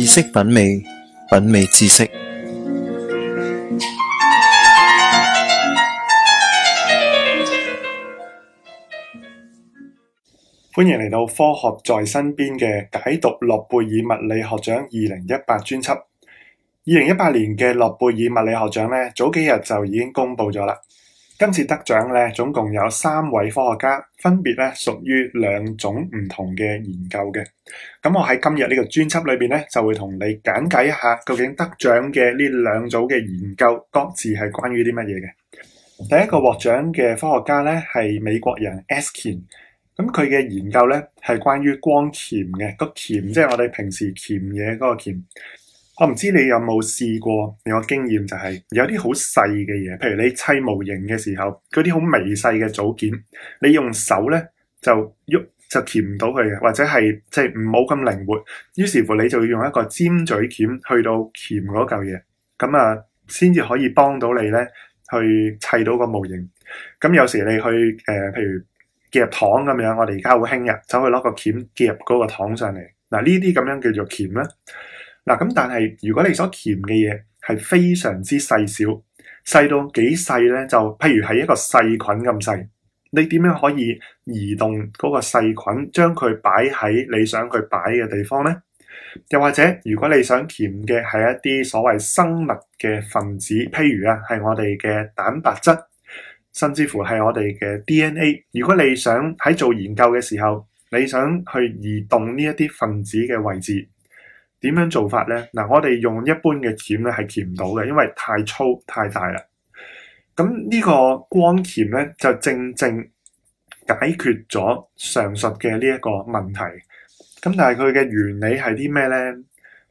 知識品味，品味知識。歡迎嚟到《科學在身邊》嘅解讀諾貝爾物理學獎二零一八專輯。二零一八年嘅諾貝爾物理學獎呢，早幾日就已經公布咗啦。今次得獎咧，總共有三位科學家，分別咧屬於兩種唔同嘅研究嘅。咁我喺今日呢個專輯裏邊咧，就會同你簡介一下，究竟得獎嘅呢兩組嘅研究各自係關於啲乜嘢嘅。第一個獲獎嘅科學家咧係美國人 Askin，咁佢嘅研究咧係關於光鉗嘅，個鉗即係我哋平時鉗嘢嗰個鉗。我唔知你有冇試過，有個經驗就係、是、有啲好細嘅嘢，譬如你砌模型嘅時候，嗰啲好微細嘅組件，你用手咧就喐就鉗唔到佢嘅，或者係即係唔好咁靈活。於是乎你就用一個尖嘴鉗去到鉗嗰嚿嘢，咁啊先至可以幫到你咧去砌到個模型。咁有時你去誒、呃，譬如夾糖咁樣，我哋而家好興嘅，走去攞個鉗夾嗰個糖上嚟。嗱，呢啲咁樣叫做鉗啦。嗱咁，但係如果你所鉗嘅嘢係非常之細小，細到幾細咧？就譬如係一個細菌咁細，你點樣可以移動嗰個細菌，將佢擺喺你想佢擺嘅地方咧？又或者，如果你想鉗嘅係一啲所謂生物嘅分子，譬如啊，係我哋嘅蛋白質，甚至乎係我哋嘅 DNA。如果你想喺做研究嘅時候，你想去移動呢一啲分子嘅位置？點樣做法咧？嗱，我哋用一般嘅鉗咧係鉗唔到嘅，因為太粗太大啦。咁呢個光鉗咧就正正解決咗上述嘅呢一個問題。咁但係佢嘅原理係啲咩咧？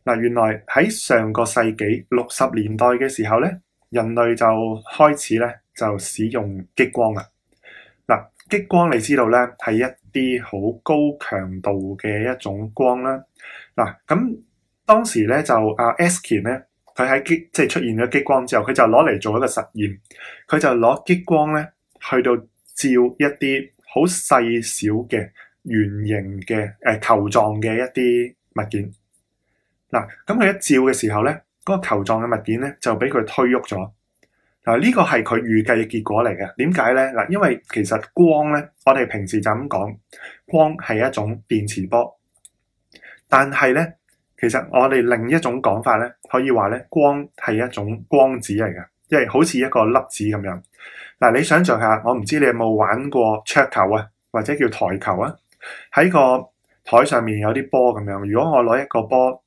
嗱，原來喺上個世紀六十年代嘅時候咧，人類就開始咧就使用激光啦。嗱，激光你知道咧係一啲好高強度嘅一種光啦。嗱，咁當時咧就阿 Askin 咧，佢、啊、喺激即係出現咗激光之後，佢就攞嚟做一個實驗。佢就攞激光咧去到照一啲好細小嘅圓形嘅誒、呃、球狀嘅一啲物件。嗱、啊，咁佢一照嘅時候咧，嗰、那個球狀嘅物件咧就俾佢推喐咗。嗱、啊，呢、這個係佢預計嘅結果嚟嘅。點解咧？嗱、啊，因為其實光咧，我哋平時就咁講，光係一種電磁波，但係咧。其實我哋另一種講法咧，可以話咧光係一種光子嚟嘅，即係好似一個粒子咁樣。嗱，你想象下，我唔知你有冇玩過桌球啊，或者叫台球啊，喺個台上面有啲波咁樣。如果我攞一個波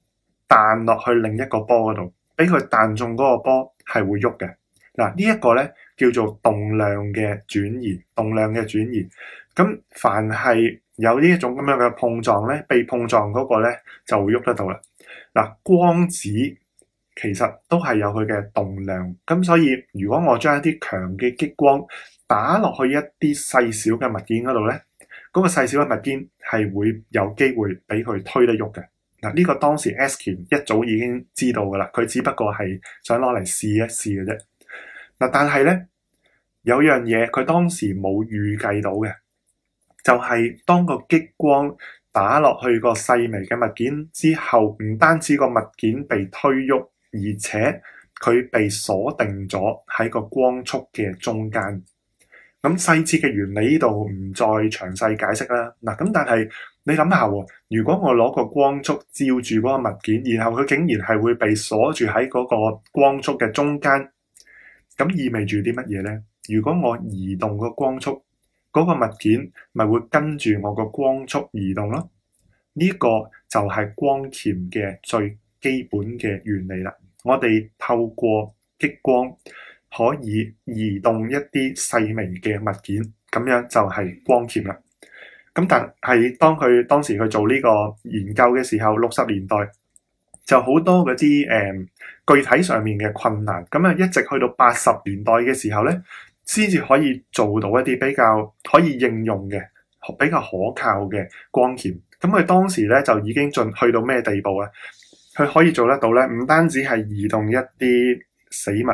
彈落去另一個波嗰度，俾佢彈中嗰個波係會喐嘅。嗱，這個、呢一個咧叫做動量嘅轉移，動量嘅轉移。咁凡係有呢一種咁樣嘅碰撞咧，被碰撞嗰個咧就會喐得到啦。嗱、呃，光子其實都係有佢嘅動量，咁所以如果我將一啲強嘅激光打落去一啲細小嘅物件嗰度咧，嗰、那個細小嘅物件係會有機會俾佢推得喐嘅。嗱、呃，呢、這個當時 Askin 一早已經知道噶啦，佢只不過係想攞嚟試一試嘅啫。嗱、呃，但係咧有樣嘢佢當時冇預計到嘅。就係當個激光打落去個細微嘅物件之後，唔單止個物件被推喐，而且佢被鎖定咗喺個光束嘅中間。咁細節嘅原理呢度唔再詳細解釋啦。嗱，咁但係你諗下，如果我攞個光束照住嗰個物件，然後佢竟然係會被鎖住喺嗰個光束嘅中間，咁意味住啲乜嘢呢？如果我移動個光束？嗰個物件咪會跟住我個光速移動咯，呢、這個就係光鉗嘅最基本嘅原理啦。我哋透過激光可以移動一啲細微嘅物件，咁樣就係光鉗啦。咁但係當佢當時去做呢個研究嘅時候，六十年代就好多嗰啲誒具體上面嘅困難，咁啊一直去到八十年代嘅時候咧。先至可以做到一啲比較可以應用嘅、比較可靠嘅光鉗。咁佢當時咧就已經進去到咩地步啊？佢可以做得到咧，唔單止係移動一啲死物，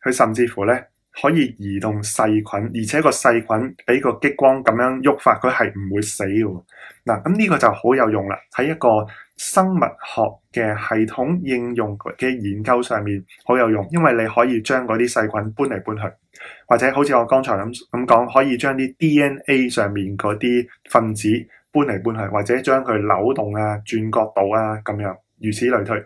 佢甚至乎咧，可以移動細菌，而且個細菌俾個激光咁樣喐發，佢係唔會死嘅。嗱，咁呢個就好有用啦，喺一個生物學嘅系統應用嘅研究上面好有用，因為你可以將嗰啲細菌搬嚟搬去，或者好似我剛才咁咁講，可以將啲 DNA 上面嗰啲分子搬嚟搬去，或者將佢扭動啊、轉角度啊咁樣，如此類推。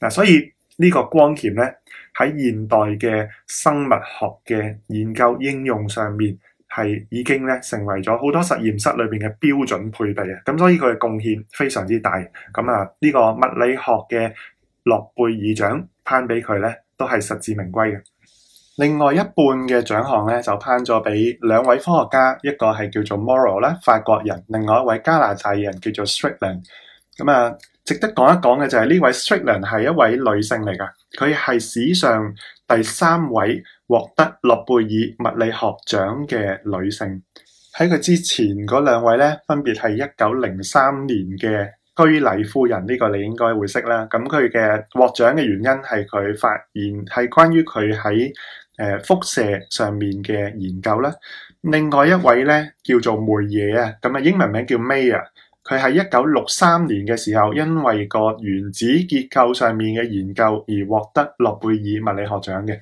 嗱，所以呢、呢個光鉗咧～喺現代嘅生物學嘅研究應用上面，係已經咧成為咗好多實驗室裏邊嘅標準配備啊！咁所以佢嘅貢獻非常之大。咁啊，呢個物理學嘅諾貝爾獎頒俾佢咧，都係實至名歸嘅。另外一半嘅獎項咧，就頒咗俾兩位科學家，一個係叫做 Mourou 咧，法國人；另外一位加拿大人叫做 Strickland。咁啊～值得講一講嘅就係呢位 Strickland 係一位女性嚟㗎。佢係史上第三位獲得諾貝爾物理學獎嘅女性。喺佢之前嗰兩位呢，分別係一九零三年嘅居里夫人呢，這個你應該會識啦，咁佢嘅獲獎嘅原因係佢發現係關於佢喺誒輻射上面嘅研究啦。另外一位呢，叫做梅耶啊，咁英文名叫 Mayer 佢喺一九六三年嘅時候，因為個原子結構上面嘅研究而獲得諾貝爾物理學獎嘅。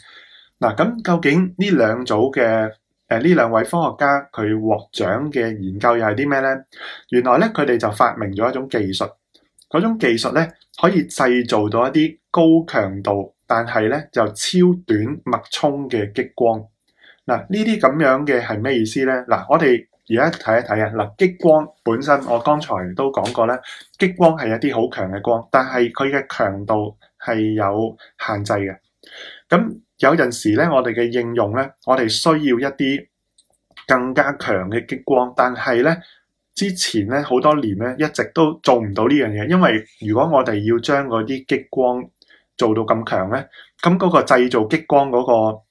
嗱，咁究竟呢兩組嘅誒呢兩位科學家佢獲獎嘅研究又係啲咩呢？原來咧佢哋就發明咗一種技術，嗰種技術咧可以製造到一啲高強度，但係咧就超短脈衝嘅激光。嗱，呢啲咁樣嘅係咩意思呢？嗱，我哋而家睇一睇啊！嗱，激光本身，我剛才都講過咧，激光係一啲好強嘅光，但係佢嘅強度係有限制嘅。咁有陣時咧，我哋嘅應用咧，我哋需要一啲更加強嘅激光，但係咧之前咧好多年咧一直都做唔到呢樣嘢，因為如果我哋要將嗰啲激光做到咁強咧，咁嗰個製造激光嗰個。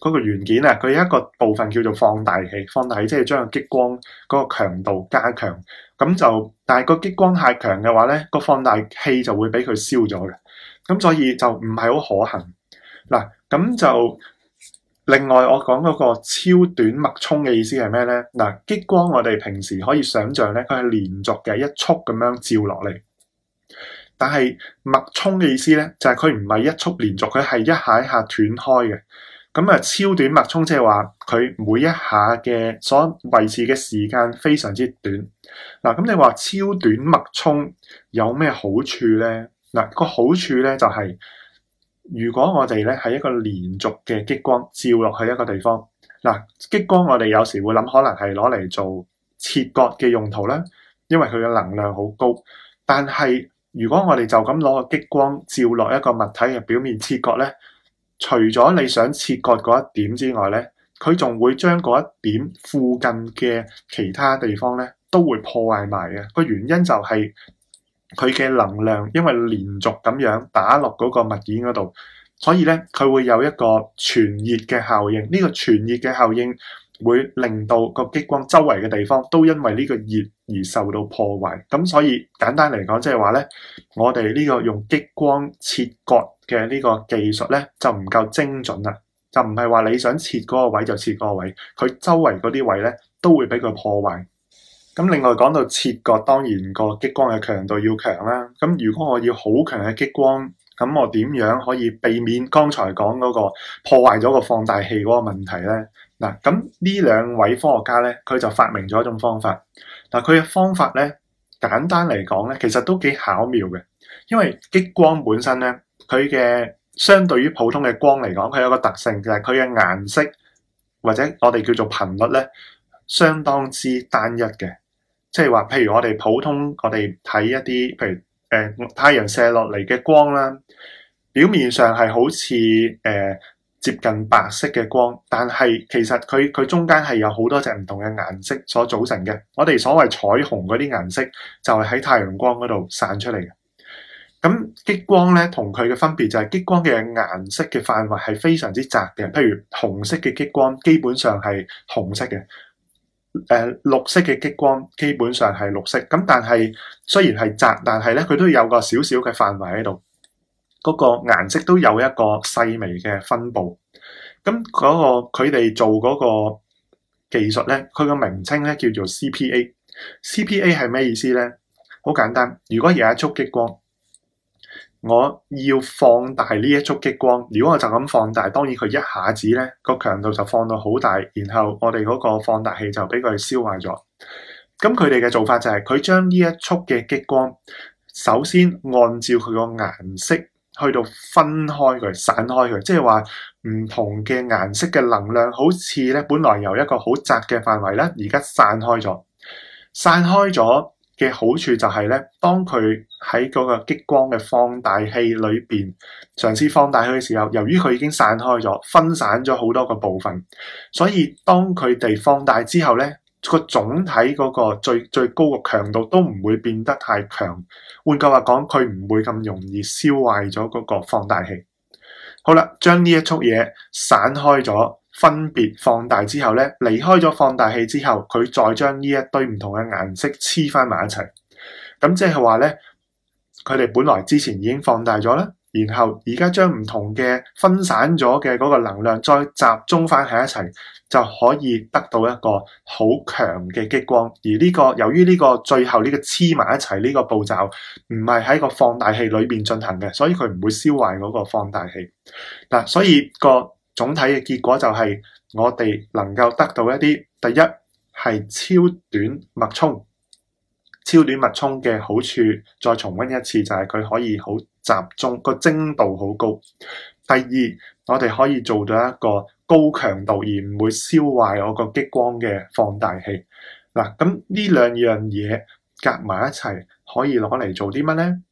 嗰個元件啊，佢有一個部分叫做放大器。放大器即係將個激光嗰個強度加強咁就，但係個激光太強嘅話咧，個放大器就會俾佢燒咗嘅，咁，所以就唔係好可行嗱。咁就另外我講嗰個超短脈衝嘅意思係咩咧？嗱，激光我哋平時可以想象咧，佢係連續嘅一束咁樣照落嚟，但係脈衝嘅意思咧就係佢唔係一束連續，佢係一下一下斷開嘅。咁啊，超短脈衝即係話佢每一下嘅所維持嘅時間非常之短。嗱，咁你話超短脈衝有咩好處咧？嗱、那，個好處咧就係、是，如果我哋咧喺一個連續嘅激光照落去一個地方，嗱，激光我哋有時會諗可能係攞嚟做切割嘅用途咧，因為佢嘅能量好高。但係如果我哋就咁攞個激光照落一個物體嘅表面切割咧。除咗你想切割嗰一點之外咧，佢仲會將嗰一點附近嘅其他地方咧都會破壞埋嘅。個原因就係佢嘅能量，因為連續咁樣打落嗰個物件嗰度，所以咧佢會有一個傳熱嘅效應，呢個傳熱嘅效應會令到個激光周圍嘅地方都因為呢個熱而受到破壞，咁所以簡單嚟講，即係話咧，我哋呢個用激光切割。嘅呢個技術咧就唔夠精準啦，就唔係話你想切嗰個位就切嗰個位，佢周圍嗰啲位咧都會俾佢破壞。咁另外講到切割，當然個激光嘅強度要強啦。咁如果我要好強嘅激光，咁我點樣可以避免剛才講嗰個破壞咗個放大器嗰個問題咧？嗱，咁呢兩位科學家咧，佢就發明咗一種方法。嗱，佢嘅方法咧，簡單嚟講咧，其實都幾巧妙嘅，因為激光本身咧。佢嘅相對於普通嘅光嚟講，佢有個特性就係佢嘅顏色或者我哋叫做頻率咧，相當之單一嘅。即係話，譬如我哋普通我哋睇一啲，譬如誒太陽射落嚟嘅光啦，表面上係好似誒、呃、接近白色嘅光，但係其實佢佢中間係有好多隻唔同嘅顏色所組成嘅。我哋所謂彩虹嗰啲顏色就係喺太陽光嗰度散出嚟嘅。咁激光咧,同佢嘅分別就係激光嘅顏色嘅範圍係非常之窄嘅。譬如紅色嘅激光基本上係紅色嘅，誒，綠色嘅激光基本上係綠色。咁但係雖然係窄，但係咧佢都有個少少嘅範圍喺度，嗰個顏色都有一個細微嘅分布。咁嗰個佢哋做嗰個技術咧，佢個名稱咧叫做 C P A。C 我要放大呢一束激光，如果我就咁放大，當然佢一下子咧個強度就放到好大，然後我哋嗰個放大器就俾佢燒壞咗。咁佢哋嘅做法就係佢將呢一束嘅激光，首先按照佢個顏色去到分開佢、散開佢，即係話唔同嘅顏色嘅能量，好似咧本來由一個好窄嘅範圍咧，而家散開咗、散開咗。嘅好處就係咧，當佢喺嗰個激光嘅放大器裏邊嘗試放大佢嘅時候，由於佢已經散開咗、分散咗好多個部分，所以當佢哋放大之後咧，個總體嗰個最最高個強度都唔會變得太強。換句話講，佢唔會咁容易燒壞咗嗰個放大器。好啦，將呢一束嘢散開咗。分別放大之後咧，離開咗放大器之後，佢再將呢一堆唔同嘅顏色黐翻埋一齊。咁即係話咧，佢哋本來之前已經放大咗啦，然後而家將唔同嘅分散咗嘅嗰個能量再集中翻喺一齊，就可以得到一個好強嘅激光。而呢個由於呢個最後呢個黐埋一齊呢個步驟唔係喺個放大器裏邊進行嘅，所以佢唔會燒壞嗰個放大器。嗱，所以個。總體嘅結果就係我哋能夠得到一啲，第一係超短脈衝。超短脈衝嘅好處，再重溫一次就係佢可以好集中，個精度好高。第二，我哋可以做到一個高強度而唔會燒壞我個激光嘅放大器。嗱，咁呢兩樣嘢夾埋一齊可以攞嚟做啲乜呢？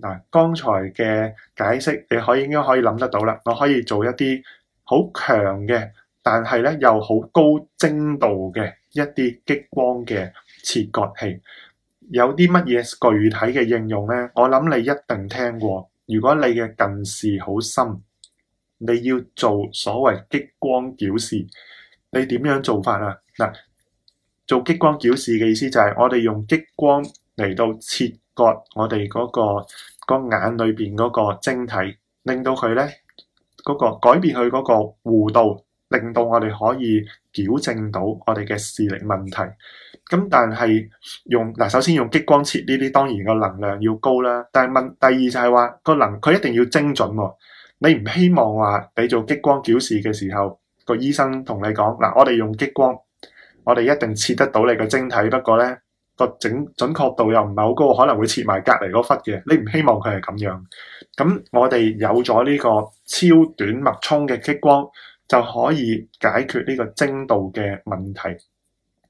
嗱，剛才嘅解釋你可以應該可以諗得到啦。我可以做一啲。好強嘅，但係咧又好高精度嘅一啲激光嘅切割器，有啲乜嘢具體嘅應用咧？我諗你一定聽過。如果你嘅近視好深，你要做所謂激光矯視，你點樣做法啊？嗱，做激光矯視嘅意思就係我哋用激光嚟到切割我哋嗰個個眼裏邊嗰個晶體，令到佢咧。嗰個改變佢嗰個弧度，令到我哋可以矯正到我哋嘅視力問題。咁但係用嗱，首先用激光切呢啲，當然個能量要高啦。但係問第二就係話個能佢一定要精準喎、喔。你唔希望話你做激光矯視嘅時候，個醫生同你講嗱，我哋用激光，我哋一定切得到你個晶體，不過咧個整準確度又唔係好高，可能會切埋隔離嗰忽嘅。你唔希望佢係咁樣。咁我哋有咗呢個超短脈衝嘅激光，就可以解決呢個精度嘅問題。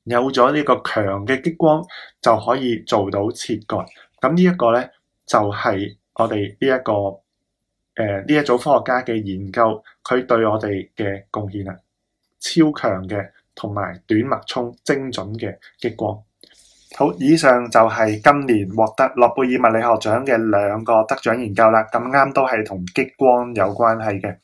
有咗呢個強嘅激光，就可以做到切割。咁呢一個咧，就係、是、我哋呢一個誒呢、呃、一組科學家嘅研究，佢對我哋嘅貢獻啦。超強嘅同埋短脈衝精準嘅激光。好，以上就係今年獲得諾貝爾物理學獎嘅兩個得獎研究啦，咁啱都係同激光有關係嘅。